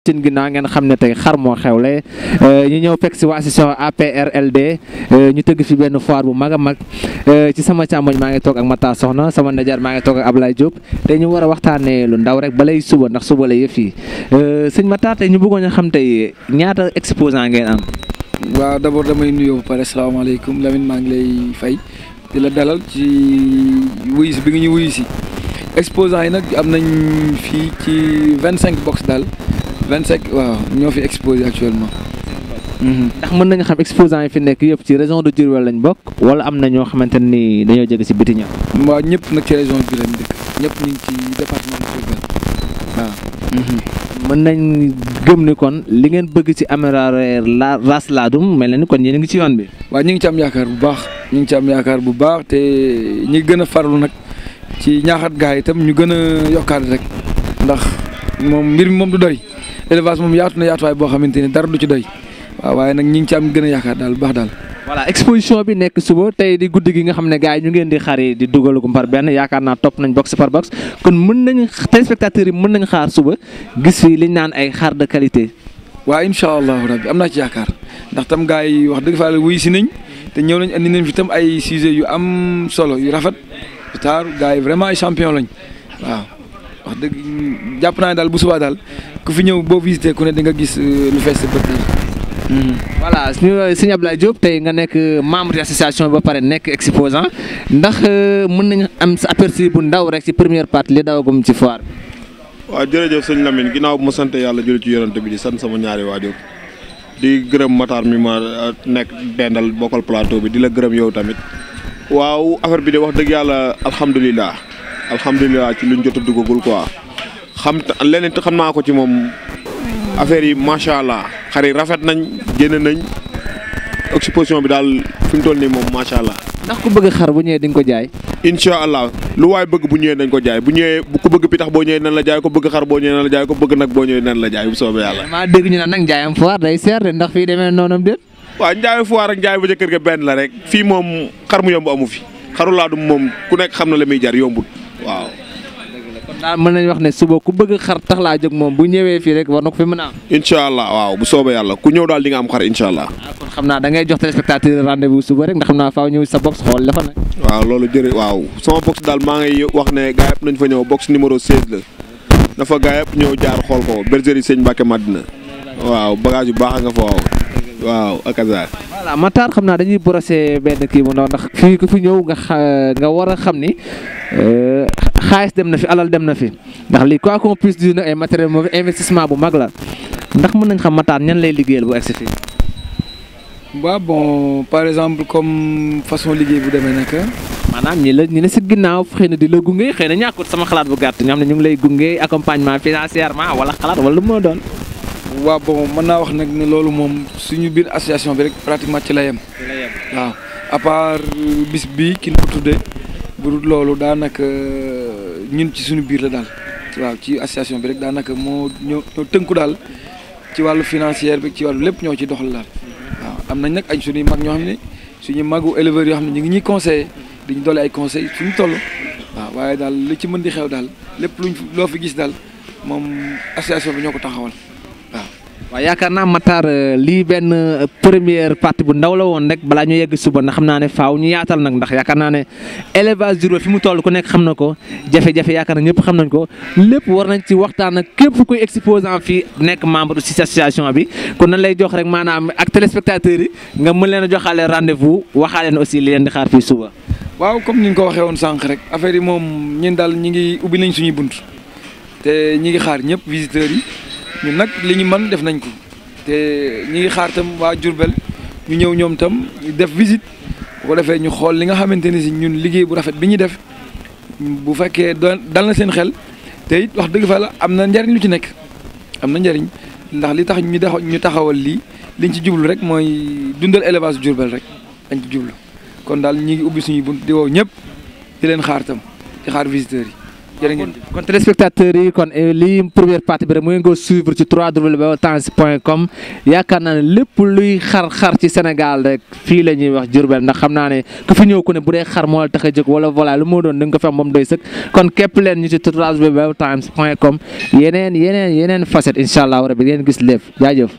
sin ginnaaw ngeen xam ne tey xar moo xewle euh, ñu ñëw fekk si waa session APRLD euh, ñu tëgg fi benn foire bu mag a mag euh, ci sama càmmoñ maa ngi toog ak Matar Soxna sama ndajaar maa ngi toog ab Ablaye Diop tey ñu war a waxtaanee lu ndaw rek balay suba ndax suba la yëf yi sëñ Matar tey ñu bëggoon a xam tey ñaata exposant ngeen am. waaw d'abord damay nuyoo ba pare salaamaaleykum Lamine maa ngi lay fay di la dalal ci wuyu bi nga ñu wuyu si yi nag am nañ fii ci vingt cinq box 25 waaw ñoo fi exposé actuellement. Mhm. ndax mën nañ xam exposants yi fi nekk yëpp ci région de Diourbel lañ bokk. wala am na ñoo xamante nii dañoo jóge si biti ñëw. waaw ñëpp nag ci région bi lañ dëkk. ñëpp ñu ngi ci de Diourbel waaw. Mhm. mën nañ gëm ni kon li ngeen bëgg ci améliorer laa race Ladoum mel na ni kon yéen a ngi ci yoon bi. waaw ñu ngi ci am yaakaar bu baax ñu ngi ci am yaakaar bu baax te ñi gën a farlu nag ci ñaaxat gaa yi tam ñu gën a yokkaat rek ndax moom mbir moom du doy. élevage moom yaatu na yaatuwaay boo xamante ni dara du ci doy waaye nag ñi ngi ci am gën a yaakaar daal baax daal voilà exposition bi nekk suba tey di guddi gi nga xam ne gars yi ñu ngeen di xari di dugal ko par benn yaakaar naa topp nañ box par box kon mën nañ téléspectateurs yi mën nañ xaar suba gis fi liñ naan ay xar de qualité waaw incha allahu rabbi am naa ci yaakaar ndax tam gars yi wax dëgg fa la wuyu si nañ te ñëw nañ andi nañ fi tam ay sujet yu am solo yu rafet taaru gars yi vraiment champion lañ waaw wax dëgg jàpp naa daal bu subaa daal ku fi ñëw boo visité ku ne di nga gis euh, lu fees bët hmm. voilà euh, sëñ Abdoulaye Diop tey nga nekk euh, membre de association ba pare nekk exposant ndax mën nañ am sa aperçu bu ndaw rek ci première part li dawagum ci foire waa waaw jërëjëf sëñ Lamine ginnaaw bu ma sant yàlla jëlee ci yorante bi di sant sama ñaari waajur di gërëm Matar mi ma nekk dendal bokkal plateau bi di la gërëm yow tamit waaw affaire bi de wax dëgg yàlla alhamdulilah. alhamdulilah ci luñ jot a duggagul quoi xam leneen xam naa ko ci moom affaire yi macha allah xar yi rafet nañ génn nañ exposition bi daal fi mu toll nii moom macha allah. ndax bëgg xar bu ñëwee di nga ko jaay. incha allah waay bëgg bu ñëwee nañ ko jaay bu ñëwee ku bëgg pitax boo ñëwee nañ la jaay ko xar boo ñëwee nañ la jaay ko bëgg nag boo ñëwee nañ la jaay bu soobee yàlla. maa de ndax fii demee noonam déet. waaw njaayam foire ak njaayam benn la rek. fii moom xar mu yomb amu fi xaru laadum moom ku nekk xam na la muy jar yombul waaw. kon mën nañu wax ne suba ku bëgg xar tax laa jóg moom bu ñëwee fii rek war na ko fi mën a am. incha allah waaw bu soobee yàlla ku ñëw daal di nga am xar incha allah. Ah, kon xam naa da ngay jox téléspectateur rendez-vous suba rek ndax xam naa faaw ñëw sa box xool la fa nag. waaw loolu jër waaw sama box daal maa ngi wax ne gaa yëpp fa ñëw box numéro 16 la dafa gaa ñëw jaar xool ko bergerie Sëñ Mbacke Madina waaw bagage yu baax a nga fa waaw waaw akasa voilà Matar xam naa dañuy brosser benn kii bu ndaw ndax fii ku fi ñëw nga nga war a xam ni euh, xaalis dem na fi alal dem na fi ndax lii quoi qu'on plus dire nag ay matériel moom investissement bu mag la ndax mën nañ xam Matar ñan lay liggéeyal bu egsi fii bon par exemple comme façon liggéey bu demee nag maanaam ñi la ñi ne si ginnaaw xëy na di la gunge xëy na ñàkkut sama xalaat bu gàtt ñoo xam ne ñu ngi lay gunge accompagnement financièrement wala xalaat wala lu mu doon waaw bon mën naa wax nag ne loolu moom suñu biir association bi rek pratiquement ci la yem. waaw à part euh, bis bi ki ñu tuddee bu dul loolu daanaka euh, ñun ci suñu biir la daal waaw ci association bi rek daanaka moo ñoo ñoo tënku daal ci wàllu financière bi ci wàllu lépp ñoo ci dox doxal daal waaw am nañ nag ay suñuy mag ñoo xam ne suñu magu éleveurs yoo xam ne ñu ngi ñuy conseillé diñu doole ay conseil suñu toll waaw waaye daal lu ci mën di xew daal lépp lu loo fi gis daal moom association bi ñoo ko taxawal waaw yaakaar naa Matar euh, lii benn euh, première partie bu ndaw la woon rek balaa ñu yegg suba ndax xam naa ne faaw ñu yaatal nag ndax yaakaar naa ne élevage Diourbel fi mu toll ku nekk xam na ko jafe-jafe yaakaar na ñëpp xam nañ ko lépp war nañ ci waxtaan ak képp kuy exposant fii nekk membre ci association bi kon nan lay jox rek maanaam ak téléspectateurs yi nga mën leen a joxaale rendez-vous waxaale na aussi li suba. waaw comme ni nga ko waxee woon sànq rek affaire yi moom ñun daal ñi ngi ubbi nañ suñuy bunt te ñi ngi xaar ñëpp visiteurs yi. ñu nag li ñu mën def nañ ko te ñi ngi xaar tam waa Diourbel ñu ñëw ñoom tam def visite bu ko defee ñu xool li nga xamante ni si ñun liggéey bu rafet bi ñu def bu fekkee dal na seen xel te it wax dëgg fa la am na njariñ lu ci nekk am na njariñ ndax li tax ñu tax ñu taxawal lii liñ ci jublu rek mooy dundal élevage Diourbel rek dañ ci jublu kon daal ñi ngi ubbi suñuy bunt di woow ñëpp di leen xaar tam di xaar visiteurs yi jërë ngeen jëf yi kon eh, lii première partie bi rek mu ngi ko suivre ci 3w.temps.com yaakaar naa ne lépp luy xar-xar ci Sénégal rek fii la ñuy wax Diourbel ndax xam naa ne ku fi ñëw ku ne bu dee xar moo la tax wala voilà lu moo doon da nga ko fex moom doy sëkk kon képp leen ñu ci 3w.temps.com yeneen yeneen yeneen facette incha allah rabi ngeen gis lépp jaajëf